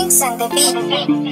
精神的病。